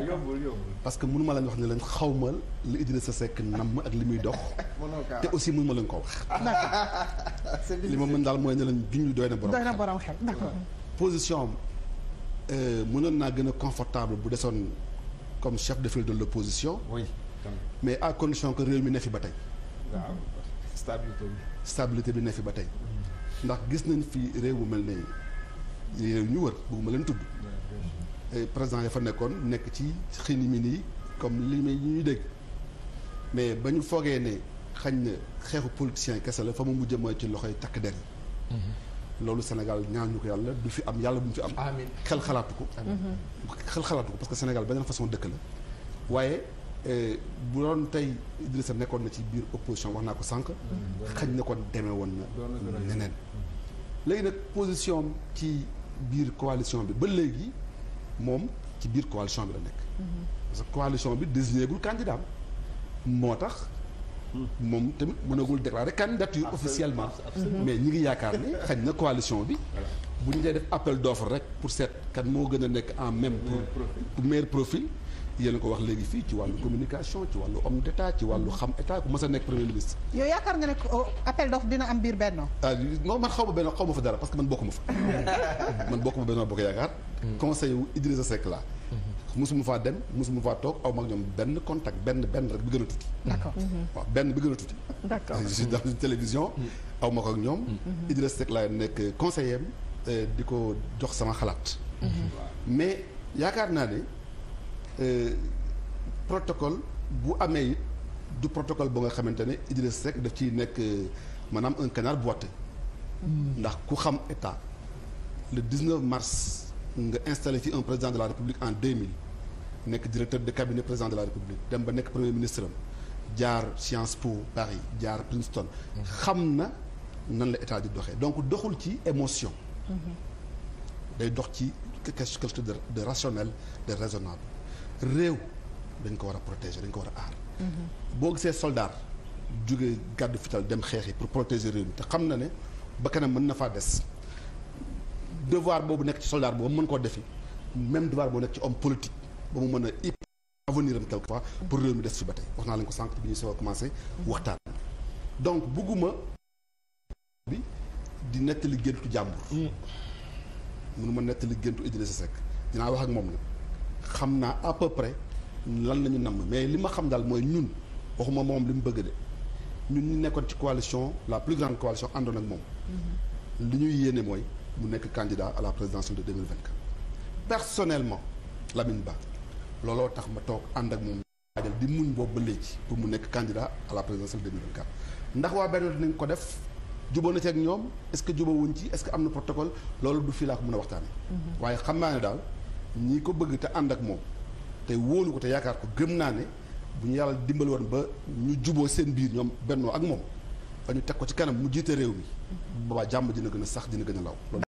d'accord parce que mënuma leen wax ne leen xawma li Idrissa Seck namm ak li muy dox te aussi mënuma leen ko wax li ma mën daal mooy ne leen junj doy na borom xel position am euh, mënoon naa gën a confortable bu desoon comme chef de file de position mais à condition que réew mi ne fi ba tey stabilité bi bi ne fi ba tey mm. ndax gis nañ fi réew bu mel ne réew ñu wër bëgguma leen tudd président ya fa nekkoon nekk ci xinimini nii comme li may ñu dégg mais ba ñu foogee ne xañ na xeexu politicien kese la fa mu mujj mooy ci yi takk der loolu Sénégal ñaan ñu ko yàlla du fi am yàlla bu mu fi am xel xalaatu ko xel xalaatu ko parce que Sénégal beneen façon dëkk la waaye bu doon tey sa nekkoon na ci biir opposition wax naa ko sànq xañ na kon demee woon na neneen léegi nag position ci biir coalition bi ba léegi moom ci biir coalition bi la nekk. parce que coalition bi désigné gul candidat moo tax. moom tamit mënagul déclarer candidature officiellement. mais ñi ngi yaakaar ni xañ na coalition bi. bu ñu dee def appel d'offre rek pour seet kan moo gën a nekk en même. pour meilleur profil. yéen a ko wax léegi fii ci wàllu communication ci wàllu homme d' état ci wàllu xam état ku mës a nekk premier ministre. yow yaakaar nga ne oh, appel d'offre dina am biir benn. ah man xaw ma benn xaw ma fa dara parce que man bokkuma fa. man bokkuma benn bokk yaakaar. Mm. conseil wu Idrissa Seck laa. Mm-hmm. faa dem musuma faa toog aw mag ñoom benn contact benn benn rek bi gën a tuuti. d' accord mm-hmm. waaw benn bi gën a tuuti. d' accord dans une télévision. Mm-hmm. aw ma ko ak ñoom. Idrissa eh, di ko jox sama xalaat. mais yaakaar naa ne. Euh, protocole bu amee du protocole bu nga xamante ne Idriss Seck daf ciy nekk euh, maanaam un canard boiteux hmm. ndax ku xam état le 19 mars nga installé fi un président de la république en 2000 nekk directeur de cabinet président de la république dem ba nekk premier ministre am jaar Sciences Po Paris jaar Princeton. Hmm. xam na nan la état di doxee donc doxul ci émotion. Hmm. day dox ci quelque chose de de rationnel de raisonnable. réew dañ ko war a protéger dañ ko war a aar. boo gisee soldat jóge gàddu fital dem xeex yi pour protéger réew mi te xam na ne ba kanam mën na faa des devoir boobu nekk ci soldat boobu mën koo defi même devoir boobu nekk ci homme politique ba mu mën a ip avenir am quelque fois pour réew mi des fi ba tey wax naa leen ko sànq bi ñu soo commencé waxtaan donc bugguma bi di nettali géntu jàmbur mm. mënuma nettali géntu Idrissa Seck dinaa wax ak moom nag xam naa à peu lan la ñu namm mais li ma xam daal mooy ñun waxuma moom li mu bëgg de ñun ñu nekkoon ci coalition la plus grande coalition àndoon ak moom. Mm-hmm. lu ñuy yéene mooy mu nekk candidat à la présidentielle de 2024. personnellement Lamine Ba looloo tax ma toog ànd ak moom waajal di muñ boo ba léegi pour mu nekk candidat à la présidentielle de 2024. ndax waa benn dinañ ko def jubóo na ci ak ñoom est que jubóo wuñ ci est-ce que am na protocole loolu du fii laa a waxtaanee. Mm-hmm. ñi ko bëgg te ànd ak moom te wóolu ko te yaakaar ko gëm naa ne bu ñu yàlla dimbal woon ba ñu juboo seen biir ñoom bennoo ak moom ba ñu teg ko ci kanam mu jiite réew mi boobaa jàmm dina gën a sax dina gën a law